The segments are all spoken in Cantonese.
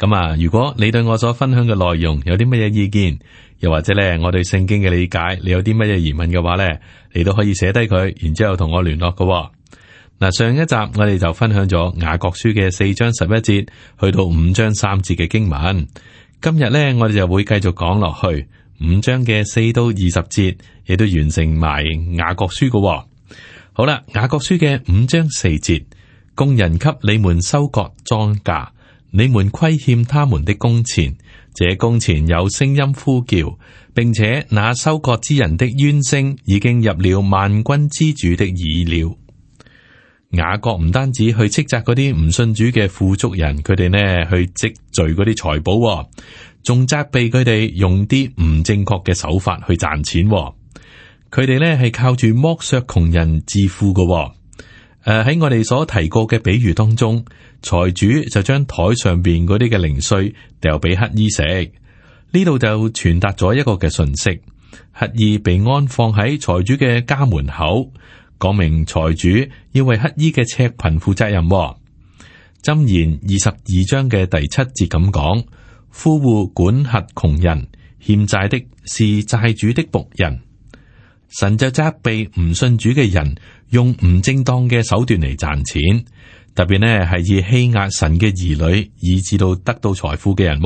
咁啊，如果你對我所分享嘅內容有啲乜嘢意見，又或者咧我對聖經嘅理解，你有啲乜嘢疑問嘅話咧，你都可以寫低佢，然之後同我聯絡嘅。嗱，上一集我哋就分享咗雅各書嘅四章十一節去到五章三節嘅經文，今日咧我哋就會繼續講落去五章嘅四到二十節，亦都完成埋雅各書嘅。好啦，雅各書嘅、哦、五章四節，工人給你們收割莊稼。你們虧欠他們的工錢，這工錢有聲音呼叫，並且那收割之人的冤聲已經入了萬軍之主的耳了。雅各唔單止去斥責嗰啲唔信主嘅富足人，佢哋呢去積聚嗰啲財寶，仲責備佢哋用啲唔正確嘅手法去賺錢。佢哋呢係靠住剝削窮人致富嘅。誒，喺、啊、我哋所提過嘅比喻當中，財主就將台上邊嗰啲嘅零碎掉俾乞衣食。呢度就傳達咗一個嘅信息：乞衣被安放喺財主嘅家門口，講明財主要為乞衣嘅赤貧負責任，哦。箴言二十二章嘅第七節咁講：富戶管轄窮人，欠債的是債主的僕人。神就責備唔信主嘅人。用唔正當嘅手段嚟賺錢，特別呢係以欺壓神嘅兒女，以致到得到財富嘅人。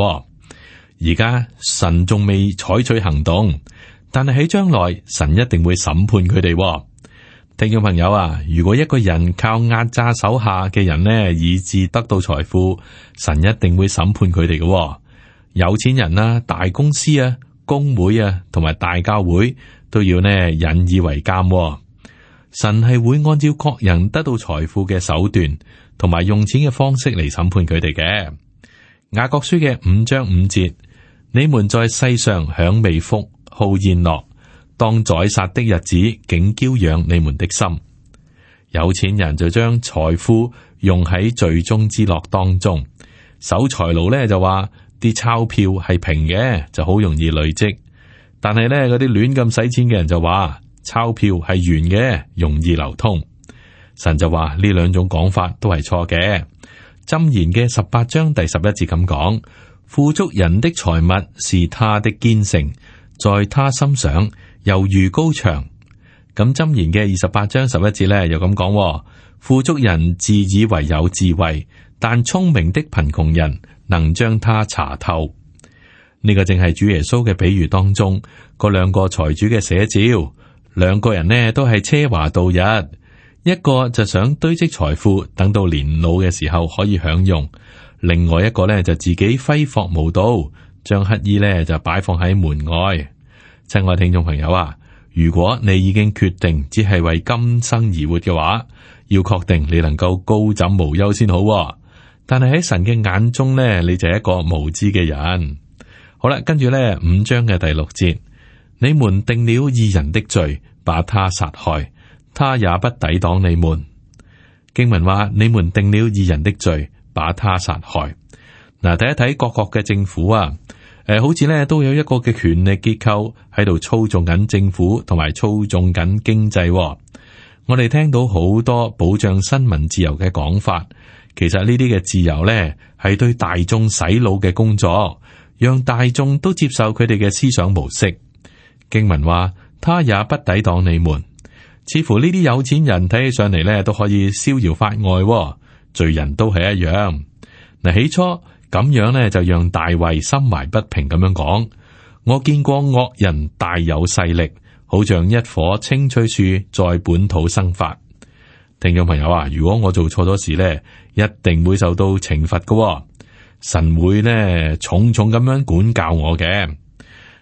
而家神仲未採取行動，但係喺將來神一定會審判佢哋。聽眾朋友啊，如果一個人靠壓榨手下嘅人呢，以致得到財富，神一定會審判佢哋嘅。有錢人啊、大公司啊、工會啊同埋大教會都要呢引以為鑑啊。神係會按照各人得到財富嘅手段同埋用錢嘅方式嚟審判佢哋嘅。雅各書嘅五章五節：你們在世上享美福、好宴樂，當宰殺的日子，竟嬌養你們的心。有錢人就將財富用喺最終之樂當中，守財奴咧就話啲鈔票係平嘅，就好容易累積。但係咧，嗰啲亂咁使錢嘅人就話。鈔票係圓嘅，容易流通。神就話呢兩種講法都係錯嘅。箴言嘅十八章第十一節咁講：富足人的財物是他的堅城，在他心想猶如高牆。咁箴言嘅二十八章十一節呢，又咁講：富足人自以為有智慧，但聰明的貧窮人能將他查透。呢個正係主耶穌嘅比喻當中嗰兩個財主嘅寫照。兩個人呢都係奢華度日，一個就想堆積財富，等到年老嘅時候可以享用；另外一個呢就自己揮霍無度，將乞衣呢就擺放喺門外。親愛的聽眾朋友啊，如果你已經決定只係為今生而活嘅話，要確定你能夠高枕無憂先好喎。但係喺神嘅眼中呢，你就係一個無知嘅人。好啦，跟住呢五章嘅第六節。你們定了義人的罪，把他殺害，他也不抵擋你們。經文話：你們定了義人的罪，把他殺害。嗱，睇一睇各國嘅政府啊，誒，好似咧都有一個嘅權力結構喺度操縱緊政府，同埋操縱緊經濟。我哋聽到好多保障新聞自由嘅講法，其實呢啲嘅自由呢，係對大眾洗腦嘅工作，讓大眾都接受佢哋嘅思想模式。經文話，他也不抵擋你們，似乎呢啲有錢人睇起上嚟咧都可以逍遙法外，罪人都係一樣。嗱，起初咁樣咧就讓大衛心懷不平咁樣講：我見過惡人大有勢力，好像一棵青翠樹在本土生發。聽眾朋友啊，如果我做錯咗事咧，一定會受到懲罰㗎，神會呢重重咁樣管教我嘅。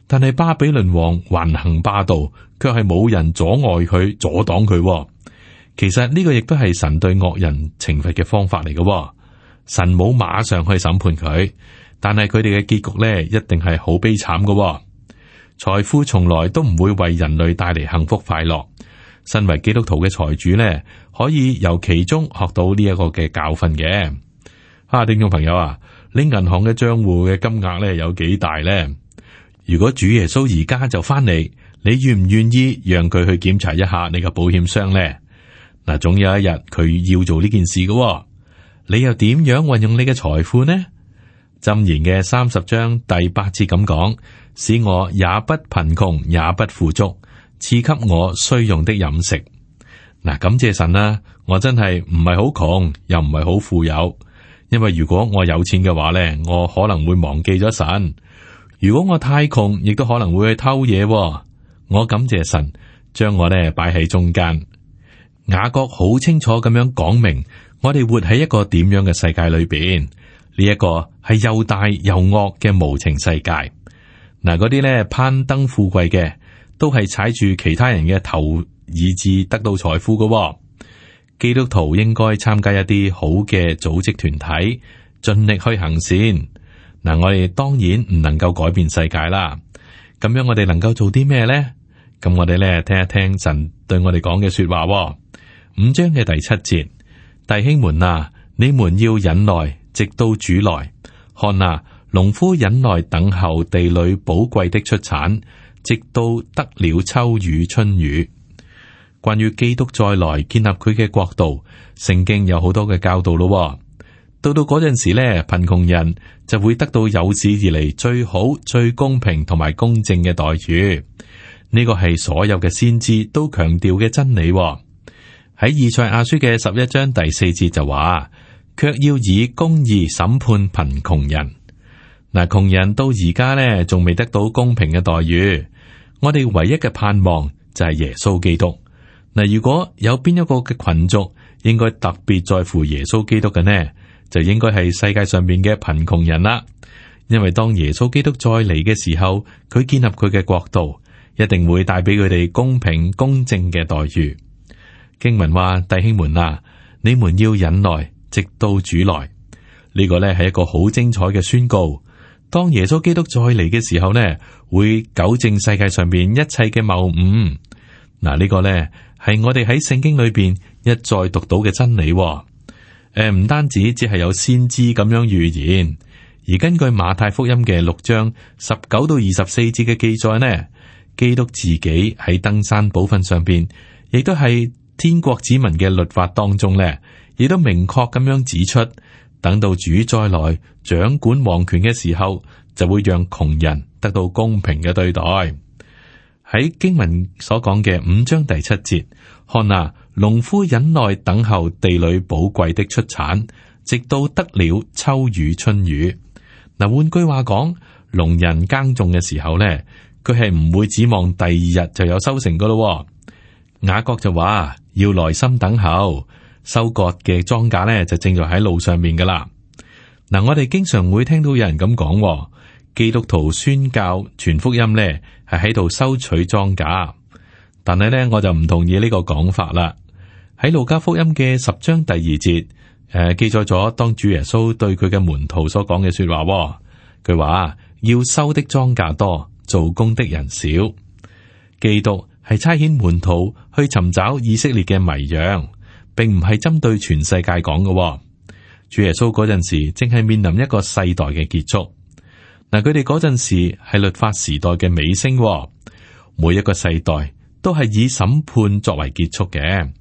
但係巴比倫王橫行霸道，卻係冇人阻礙佢、阻擋佢。其實呢個亦都係神對惡人懲罰嘅方法嚟嘅。神冇馬上去審判佢，但係佢哋嘅結局咧，一定係好悲慘嘅。財富從來都唔會為人類帶嚟幸福快樂。身為基督徒嘅財主咧，可以由其中學到呢一個嘅教訓嘅。哈，啊，聽眾朋友啊，你銀行嘅賬戶嘅金額咧有幾大咧？如果主耶穌而家就翻嚟，你願唔願意讓佢去檢查一下你嘅保險箱呢？嗱，總有一日佢要做呢件事嘅。你又點樣運用你嘅財富呢？箴言嘅三十章第八節咁講：使我也不貧窮，也不富足，賜給我需用的飲食。嗱，感謝神啦，啊，我真係唔係好窮，又唔係好富有。因為如果我有錢嘅話咧，我可能會忘記咗神。如果我太窮，亦都可能會去偷嘢喎。我感謝神將我咧擺喺中間。雅各好清楚咁樣講明，我哋活喺一個點樣嘅世界裏邊？呢一個係又大又惡嘅無情世界。嗱，嗰啲咧攀登富貴嘅，都係踩住其他人嘅頭以至得到財富嘅喎。基督徒應該參加一啲好嘅組織團體，盡力去行善。嗱，我哋當然唔能夠改變世界啦。咁樣我哋能夠做啲咩呢？咁我哋咧聽一聽神對我哋講嘅說話。五章嘅第七節，弟兄們啊，你們要忍耐，直到主來。看啊，農夫忍耐等候地裏寶貴的出產，直到得了秋雨春雨。關於基督再來建立佢嘅國度，聖經有好多嘅教導咯。到到嗰陣時咧，貧窮人就會得到有史以嚟最好、最公平同埋公正嘅待遇。呢個係所有嘅先知都強調嘅真理，哦。喺二賽亞書嘅十一章第四節就話，卻要以公義審判貧窮人。嗱，窮人到而家咧，仲未得到公平嘅待遇。我哋唯一嘅盼望就係耶穌基督。嗱，如果有邊一個嘅群族應該特別在乎耶穌基督嘅呢？就應該係世界上面嘅貧窮人啦，因為當耶穌基督再嚟嘅時候，佢建立佢嘅國度，一定會帶俾佢哋公平公正嘅待遇。經文話：弟兄們啊，你們要忍耐，直到主來。呢個呢係一個好精彩嘅宣告。當耶穌基督再嚟嘅時候呢，會糾正世界上面一切嘅謬誤。嗱，呢個呢，係我哋喺聖經裏邊一再讀到嘅真理。誒，唔單止只係有先知咁樣預言，而根據馬太福音嘅六章十九到二十四節嘅記載呢，基督自己喺登山寶訓上邊，亦都係天國子民嘅律法當中呢，亦都明確咁樣指出，等到主再來掌管王權嘅時候，就會讓窮人得到公平嘅對待。喺經文所講嘅五章第七節，看啊！農夫忍耐等候地裏寶貴的出產，直到得了秋雨春雨。嗱，換句話講，農人耕種嘅時候呢，佢係唔會指望第二日就有收成噶咯。雅各就話：要耐心等候，收割嘅莊稼呢就正在喺路上面噶啦。嗱，我哋經常會聽到有人咁講，基督徒宣教傳福音呢，係喺度收取莊稼。但係咧，我就唔同意呢個講法啦。喺路加福音嘅十章第二節，誒、呃、記載咗當主耶穌對佢嘅門徒所講嘅說話、哦，佢話要收的莊稼多，做工的人少。基督係差遣門徒去尋找以色列嘅迷羊，並唔係針對全世界講嘅、哦。主耶穌嗰陣時正係面臨一個世代嘅結束。嗱，佢哋嗰陣時係律法時代嘅尾聲，每一個世代。都係以審判作為結束嘅，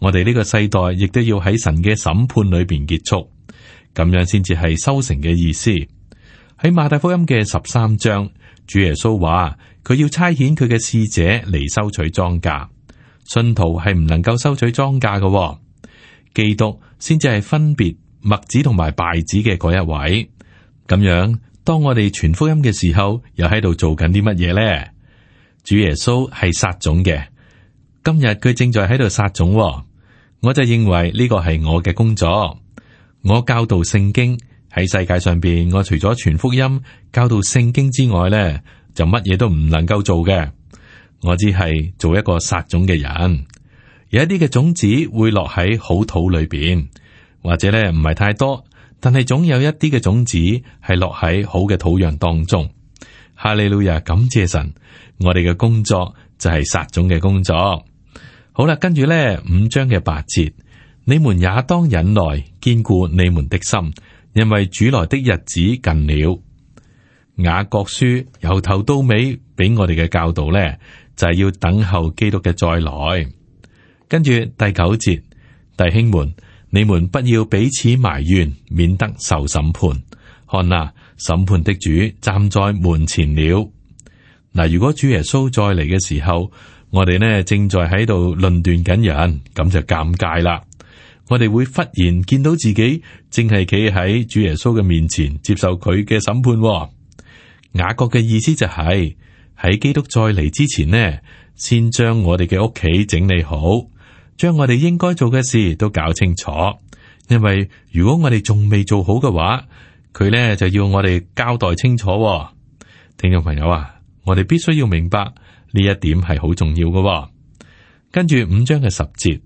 我哋呢個世代亦都要喺神嘅審判裏邊結束，咁樣先至係收成嘅意思。喺馬太福音嘅十三章，主耶穌話佢要差遣佢嘅使者嚟收取莊稼，信徒係唔能夠收取莊稼嘅，基督先至係分別麥子同埋稗子嘅嗰一位。咁樣當我哋傳福音嘅時候，又喺度做緊啲乜嘢呢？主耶穌係撒種嘅，今日佢正在喺度撒種，哦，我就認為呢個係我嘅工作。我教導聖經喺世界上邊，我除咗傳福音、教導聖經之外，呢就乜嘢都唔能夠做嘅。我只係做一個撒種嘅人，有一啲嘅種子會落喺好土裏邊，或者呢唔係太多，但係總有一啲嘅種子係落喺好嘅土壤當中。哈利路亞，感謝神！我哋嘅工作就係撒種嘅工作。好啦，跟住咧五章嘅八節，你們也當忍耐，堅固你們的心，因為主來的日子近了。雅各書由頭到尾俾我哋嘅教導咧，就係、是、要等候基督嘅再來。跟住第九節，弟兄們，你們不要彼此埋怨，免得受審判。看啦、啊。審判的主站在門前了。嗱，如果主耶穌再嚟嘅時候，我哋呢正在喺度論斷緊人，咁就尷尬啦。我哋會忽然見到自己正係企喺主耶穌嘅面前，接受佢嘅審判。雅各嘅意思就係：喺基督再嚟之前呢，先將我哋嘅屋企整理好，將我哋應該做嘅事都搞清楚。因為如果我哋仲未做好嘅話，佢呢就要我哋交代清楚。哦，聽眾朋友啊，我哋必須要明白呢一點係好重要嘅，哦。跟住五章嘅十節，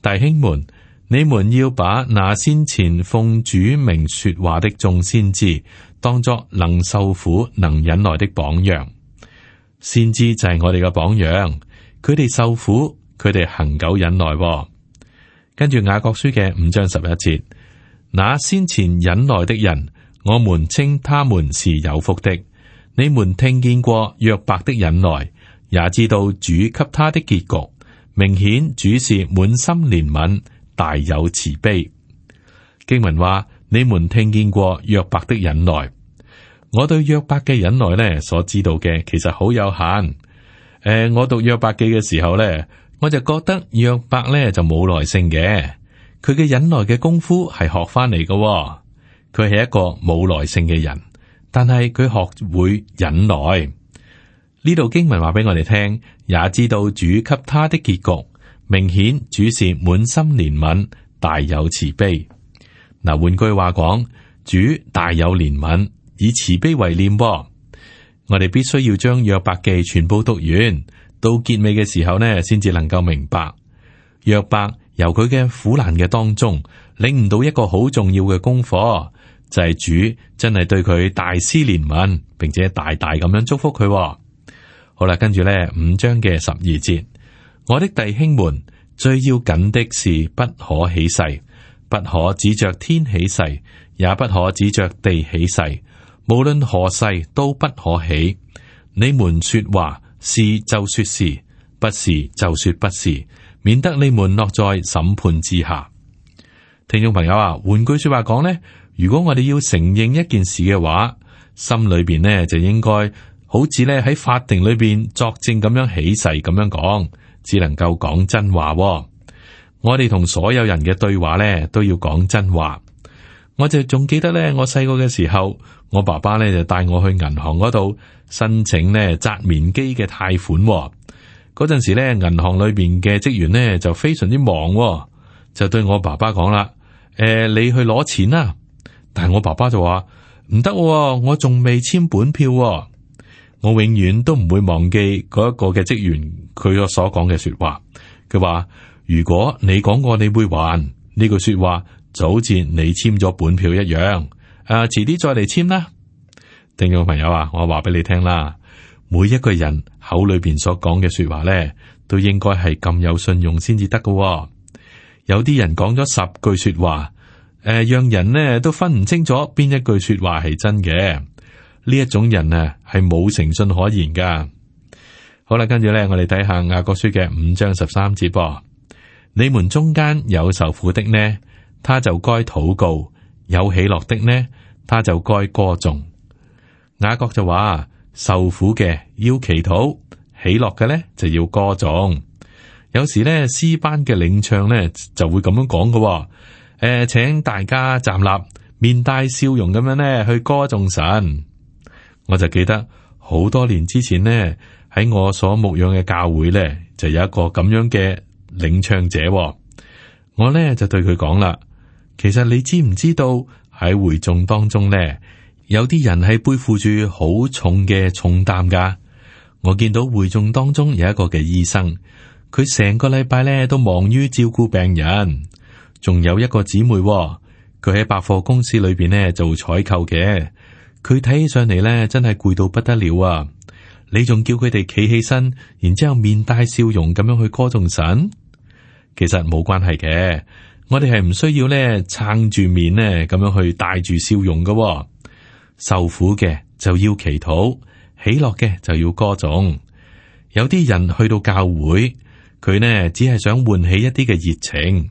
弟兄們，你們要把那先前奉主名說話的眾先知當作能受苦能忍耐的榜樣。先知就係我哋嘅榜樣，佢哋受苦，佢哋恒久忍耐，哦。跟住雅各書嘅五章十一節，那先前忍耐的人。我們稱他們是有福的。你們聽見過約伯的忍耐，也知道主給他的結局。明顯主是滿心憐憫，大有慈悲。經文話：你們聽見過約伯的忍耐。我對約伯嘅忍耐咧，所知道嘅其實好有限。誒、呃，我讀約伯記嘅時候咧，我就覺得約伯咧就冇耐性嘅，佢嘅忍耐嘅功夫係學翻嚟嘅。佢係一個冇耐性嘅人，但係佢學會忍耐。呢度經文話俾我哋聽，也知道主給他的結局，明顯主是滿心憐憫，大有慈悲。嗱，換句話講，主大有憐憫，以慈悲為念。噃，我哋必須要將約伯記全部讀完，到結尾嘅時候呢，先至能夠明白。約伯由佢嘅苦難嘅當中，領唔到一個好重要嘅功課。就係主真係對佢大施憐憫，並且大大咁樣祝福佢。好啦，跟住咧五章嘅十二節，我的弟兄們最要緊的是不可起誓，不可指着天起誓，也不可指着地起誓，無論何誓都不可起。你們說話是就說是，不是就說不是，免得你們落在審判之下。聽眾朋友啊，換句說話講呢。如果我哋要承認一件事嘅話，心裏邊呢就應該好似咧喺法庭裏邊作證咁樣起誓咁樣講，只能夠講真話、哦。我哋同所有人嘅對話呢都要講真話。我就仲記得呢，我細個嘅時候，我爸爸呢就帶我去銀行嗰度申請呢紮棉機嘅貸款、哦。嗰陣時呢，銀行裏邊嘅職員呢就非常之忙、哦，就對我爸爸講啦：誒、呃，你去攞錢啦、啊。但係我爸爸就話唔得，我仲未簽本票、哦，我永遠都唔會忘記嗰一個嘅職員佢所講嘅說話。佢話如果你講過你會還呢句說話，就好似你簽咗本票一樣。誒、啊，遲啲再嚟簽啦。聽眾朋友啊，我話俾你聽啦，每一個人口裏邊所講嘅說話咧，都應該係咁有信用先至得㗎。有啲人講咗十句說話。誒，讓人呢都分唔清楚邊一句說話係真嘅，呢一種人啊係冇誠信可言噶。好啦，跟住咧我哋睇下雅各書嘅五章十三節噃，你們中間有受苦的呢，他就該禱告；有喜樂的呢，他就該歌頌。雅各就話受苦嘅要祈禱，喜樂嘅呢就要歌頌。有時呢，詩班嘅領唱呢就會咁樣講噶。誒，請大家站立，面帶笑容咁樣咧去歌頌神。我就記得好多年之前呢，喺我所牧養嘅教會咧，就有一個咁樣嘅領唱者哦。我咧就對佢講啦，其實你知唔知道喺會眾當中咧，有啲人係背負住好重嘅重擔噶。我見到會眾當中有一個嘅醫生，佢成個禮拜咧都忙於照顧病人。仲有一個姊妹、喎，佢喺百貨公司裏邊呢做採購嘅。佢睇起上嚟呢，真係攰到不得了啊！你仲叫佢哋企起身，然之後面帶笑容咁樣去歌頌神，其實冇關係嘅。我哋係唔需要呢撐住面呢咁樣去帶住笑容噶、喎。受苦嘅就要祈禱，喜樂嘅就要歌頌。有啲人去到教會，佢呢只係想喚起一啲嘅熱情。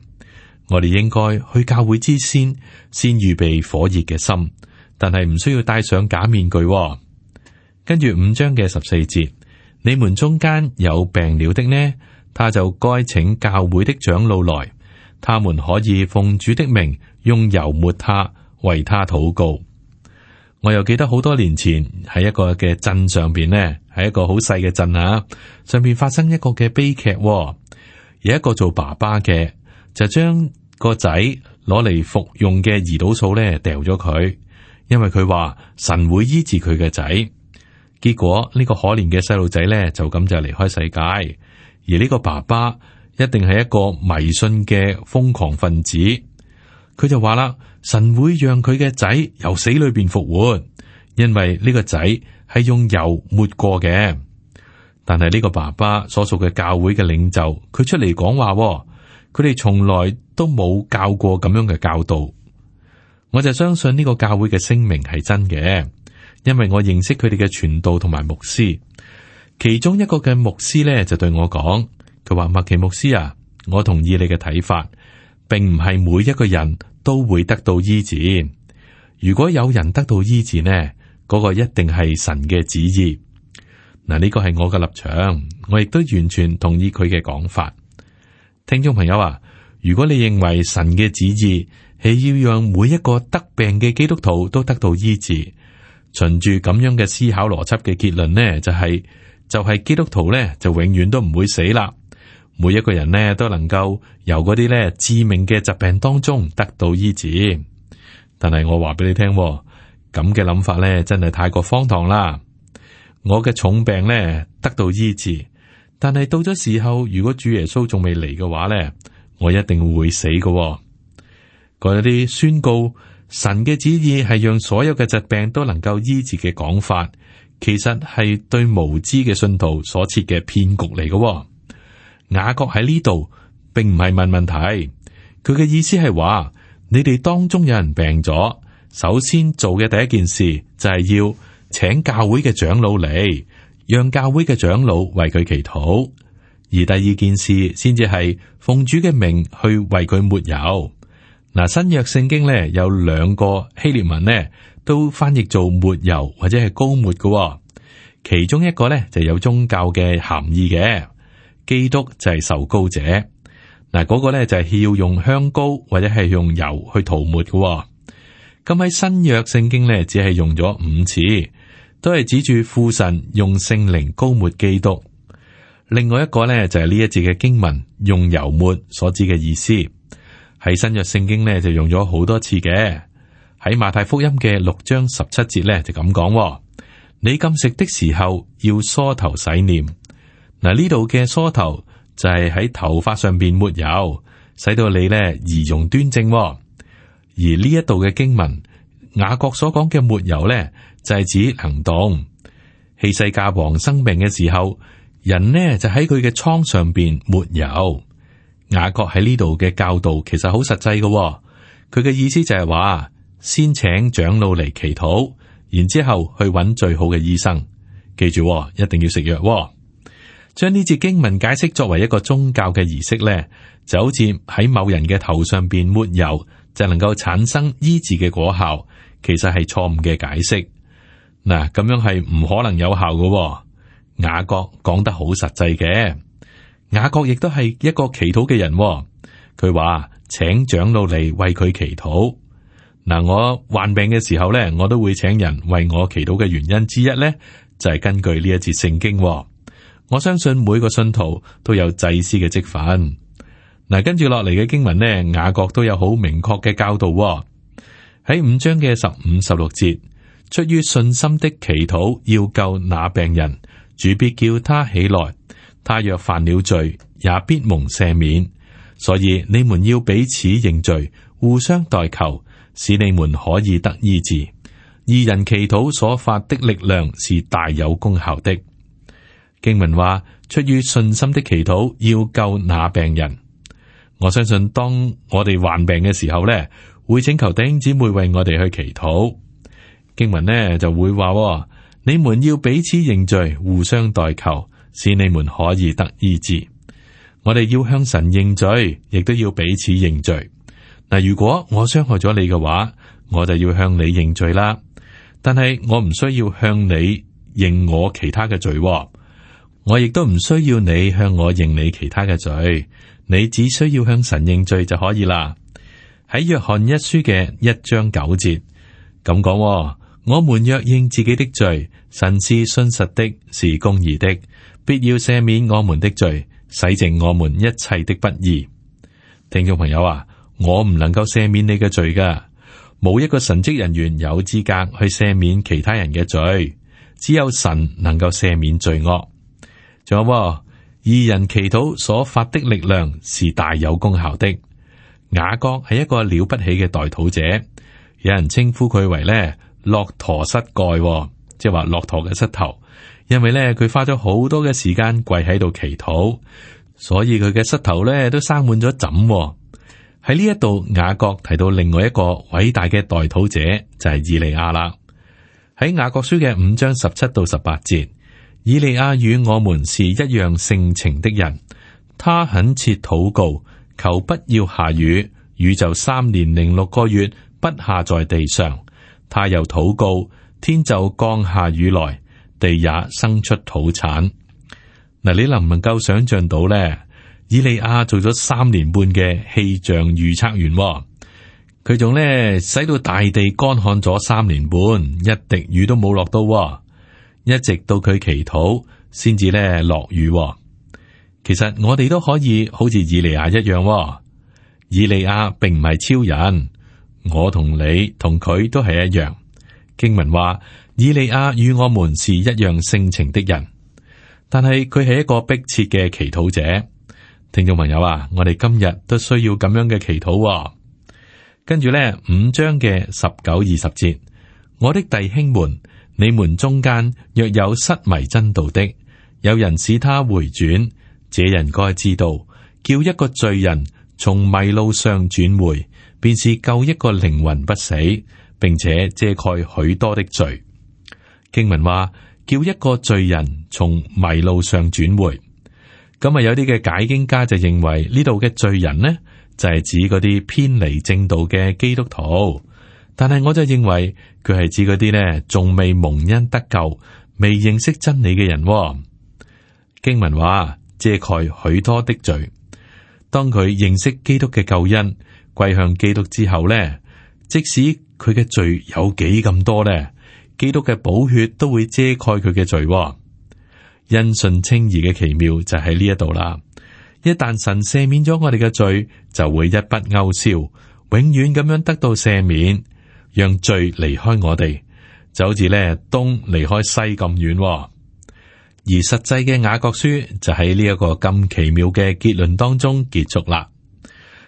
我哋應該去教會之先，先預備火熱嘅心，但係唔需要戴上假面具，哦。跟住五章嘅十四節，你們中間有病了的呢，他就該請教會的長老來，他們可以奉主的名用油抹他，為他禱告。我又記得好多年前喺一個嘅鎮上邊呢，喺一個好細嘅鎮啊，上面發生一個嘅悲劇，哦，有一個做爸爸嘅。就將個仔攞嚟服用嘅胰島素咧，掉咗佢，因為佢話神會醫治佢嘅仔。結果呢個可憐嘅細路仔咧，就咁就離開世界。而呢個爸爸一定係一個迷信嘅瘋狂分子。佢就話啦，神會讓佢嘅仔由死裏邊復活，因為呢個仔係用油抹過嘅。但係呢個爸爸所屬嘅教會嘅領袖，佢出嚟講話。佢哋從來都冇教過咁樣嘅教導，我就相信呢個教會嘅聲明係真嘅，因為我認識佢哋嘅傳道同埋牧師，其中一個嘅牧師呢，就對我講，佢話麥奇牧師啊，我同意你嘅睇法，並唔係每一個人都會得到醫治，如果有人得到醫治呢，嗰個一定係神嘅旨意。嗱，呢個係我嘅立場，我亦都完全同意佢嘅講法。聽眾朋友啊，如果你認為神嘅旨意係要讓每一個得病嘅基督徒都得到醫治，循住咁樣嘅思考邏輯嘅結論呢，就係，就係就係基督徒咧就永遠都唔會死啦，每一個人咧都能夠由嗰啲咧致命嘅疾病當中得到醫治。但係我話俾你聽，咁嘅諗法咧真係太過荒唐啦！我嘅重病咧得到醫治。但係到咗時候，如果主耶穌仲未嚟嘅話呢，我一定會死嘅喎。嗰啲宣告神嘅旨意係讓所有嘅疾病都能夠醫治嘅講法，其實係對無知嘅信徒所設嘅騙局嚟嘅喎。雅各喺呢度並唔係問問題，佢嘅意思係話你哋當中有人病咗，首先做嘅第一件事就係要請教會嘅長老嚟。讓教會嘅長老為佢祈禱，而第二件事先至係奉主嘅名去為佢抹油。嗱，新約聖經咧有兩個希臘文咧都翻譯做抹油或者係膏抹嘅，其中一個咧就有宗教嘅含義嘅，基督就係受膏者。嗱、那、嗰個咧就係要用香膏或者係用油去塗抹嘅。咁喺新約聖經咧只係用咗五次。都係指住父神用聖靈膏抹基督。另外一個呢，就係呢一節嘅經文用油抹所指嘅意思，喺新約聖經呢，就用咗好多次嘅。喺馬太福音嘅六章十七節呢，就咁講：你禁食的時候要梳頭洗臉。嗱呢度嘅梳頭就係喺頭髮上邊抹油，使到你呢，儀容端正。而呢一度嘅經文雅各所講嘅抹油呢。就係指行動，希西家王生病嘅時候，人呢就喺佢嘅瘡上邊抹油。雅各喺呢度嘅教導其實好實際噶、哦。佢嘅意思就係話，先請長老嚟祈禱，然之後去揾最好嘅醫生。記住、哦，一定要食藥、哦。將呢節經文解釋作為一個宗教嘅儀式呢，呢就好似喺某人嘅頭上邊抹油就能夠產生醫治嘅果效，其實係錯誤嘅解釋。嗱，咁樣係唔可能有效嘅、哦。雅各講得好實際嘅，雅各亦都係一個祈禱嘅人、哦。佢話請長老嚟為佢祈禱。嗱、啊，我患病嘅時候咧，我都會請人為我祈禱嘅原因之一咧，就係、是、根據呢一節聖經、哦。我相信每個信徒都有祭司嘅職份。嗱、啊，跟住落嚟嘅經文咧，雅各都有好明確嘅教導喺五章嘅十五、十六節。出於信心的祈禱，要救那病人，主必叫他起來。他若犯了罪，也必蒙赦免。所以你們要彼此認罪，互相代求，使你們可以得醫治。二人祈禱所發的力量是大有功效的。經文話：出於信心的祈禱，要救那病人。我相信，當我哋患病嘅時候呢，會請求弟兄姊妹為我哋去祈禱。經文呢就會話，哦，你們要彼此認罪，互相代求，使你們可以得醫治。我哋要向神認罪，亦都要彼此認罪。嗱，如果我傷害咗你嘅話，我就要向你認罪啦。但係我唔需要向你認我其他嘅罪哦，我亦都唔需要你向我認你其他嘅罪。你只需要向神認罪就可以啦。喺約翰一書嘅一章九節咁講。我們若認自己的罪，神是信實的，是公義的，必要赦免我們的罪，洗淨我們一切的不義。聽眾朋友啊，我唔能夠赦免你嘅罪噶，冇一個神職人員有資格去赦免其他人嘅罪，只有神能夠赦免罪惡。仲有，義人祈禱所發的力量是大有功效的。雅各係一個了不起嘅代禱者，有人稱呼佢為呢。駱駝膝蓋，即係話駱駝嘅膝頭，因為咧佢花咗好多嘅時間跪喺度祈禱，所以佢嘅膝頭咧都生滿咗疹。喺呢一度雅各提到另外一個偉大嘅代禱者就係、是、以利亞啦。喺雅各書嘅五章十七到十八節，以利亞與我們是一樣性情的人，他懇切禱告，求不要下雨，雨就三年零六個月不下在地上。他又禱告，天就降下雨來，地也生出土產。嗱，你能唔能夠想象到咧？以利亞做咗三年半嘅氣象預測員，哦，佢仲咧使到大地乾旱咗三年半，一滴雨都冇落到，哦，一直到佢祈禱先至咧落雨，哦。其實我哋都可以好似以利亞一樣，哦，以利亞並唔係超人。我同你同佢都係一樣。經文話，以利亞與我們是一樣性情的人，但係佢係一個迫切嘅祈禱者。聽眾朋友啊，我哋今日都需要咁樣嘅祈禱哦。跟住呢，五章嘅十九二十節，我的弟兄們，你們中間若有失迷真道的，有人使他回轉，這人該知道，叫一個罪人從迷路上轉回，便是救一個靈魂不死，並且遮蓋許多的罪。經文話叫一個罪人從迷路上轉回，咁啊有啲嘅解經家就認為呢度嘅罪人呢就係、是、指嗰啲偏離正道嘅基督徒，但係我就認為佢係指嗰啲呢仲未蒙恩得救、未認識真理嘅人、哦。經文話遮蓋許多的罪，當佢認識基督嘅救恩，歸向基督之後呢，即使佢嘅罪有幾咁多呢，基督嘅寶血都會遮蓋佢嘅罪、哦。因信稱義嘅奇妙就喺呢一度啦。一旦神赦免咗我哋嘅罪，就會一筆勾銷，永遠咁樣得到赦免，讓罪離開我哋，就好似呢東離開西咁遠、哦。而實際嘅雅各書就喺呢一個咁奇妙嘅結論當中結束啦。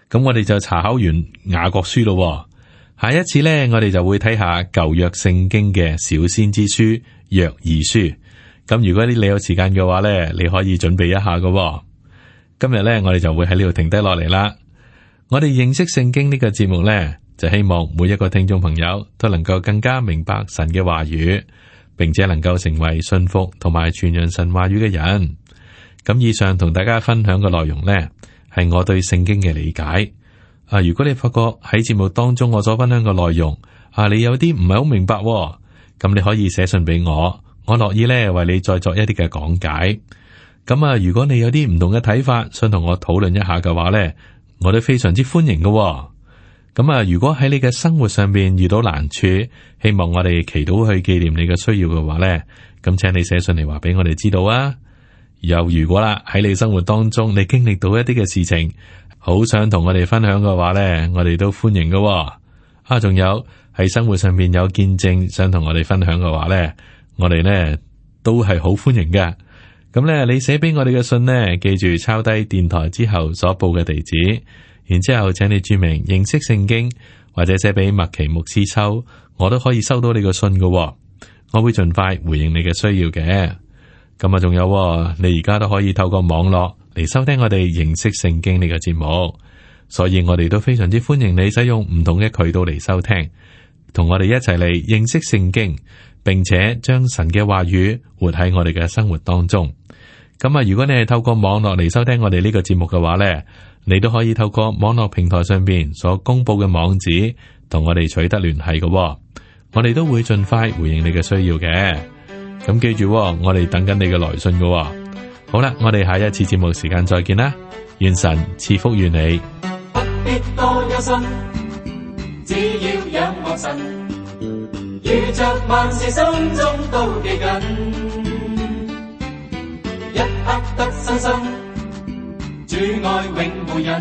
咁我哋就查考完雅各書咯、哦，下一次呢，我哋就會睇下舊約聖經嘅小先知書約珥書。咁如果你有時間嘅話呢，你可以準備一下噶、哦。今日呢，我哋就會喺呢度停低落嚟啦。我哋認識聖經呢、呢個節目呢，就希望每一個聽眾朋友都能夠更加明白神嘅話語，並且能夠成為信服同埋傳揚神話語嘅人。咁以上同大家分享嘅內容呢。係我對聖經嘅理解啊！如果你發覺喺節目當中我所分享嘅內容啊，你有啲唔係好明白喎，咁你可以寫信俾我，我樂意咧為你再作一啲嘅講解。咁啊，如果你有啲唔同嘅睇法，想同我討論一下嘅話咧，我都非常之歡迎嘅喎。咁啊，如果喺你嘅生活上面遇到難處，希望我哋祈禱去紀念你嘅需要嘅話咧，咁請你寫信嚟話俾我哋知道啊！又如果啦，喺你生活當中，你經歷到一啲嘅事情，好想同我哋分享嘅話呢，我哋都歡迎㗎喎。啊，仲有喺生活上面有見證想同我哋分享嘅話呢，我哋呢，都係好歡迎嘅。咁咧，你寫俾我哋嘅信呢，記住抄低電台之後所報嘅地址，然之後請你注明認識聖經或者寫俾麥奇牧師秋，我都可以收到你嘅信㗎喎，我會盡快回應你嘅需要嘅。咁啊，仲有你而家都可以透過網絡嚟收聽我哋認識聖經呢個節目，所以我哋都非常之歡迎你使用唔同嘅渠道嚟收聽，同我哋一齊嚟認識聖經，並且將神嘅話語活喺我哋嘅生活當中。咁啊，如果你係透過網絡嚟收聽我哋呢個節目嘅話呢，你都可以透過網絡平台上邊所公布嘅網址，同我哋取得聯繫嘅，我哋都會盡快回應你嘅需要嘅。咁記住，我哋等緊你嘅來信嘅。好啦，我哋下一次節目時間再見啦，願神賜福與你。不必多憂心，只要仰望神，遇着萬事心中都記緊，一刻得新生，主愛永無盡。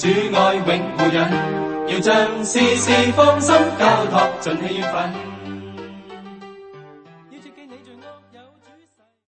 主愛永護人，要將事事放心交託，盡棄怨憤。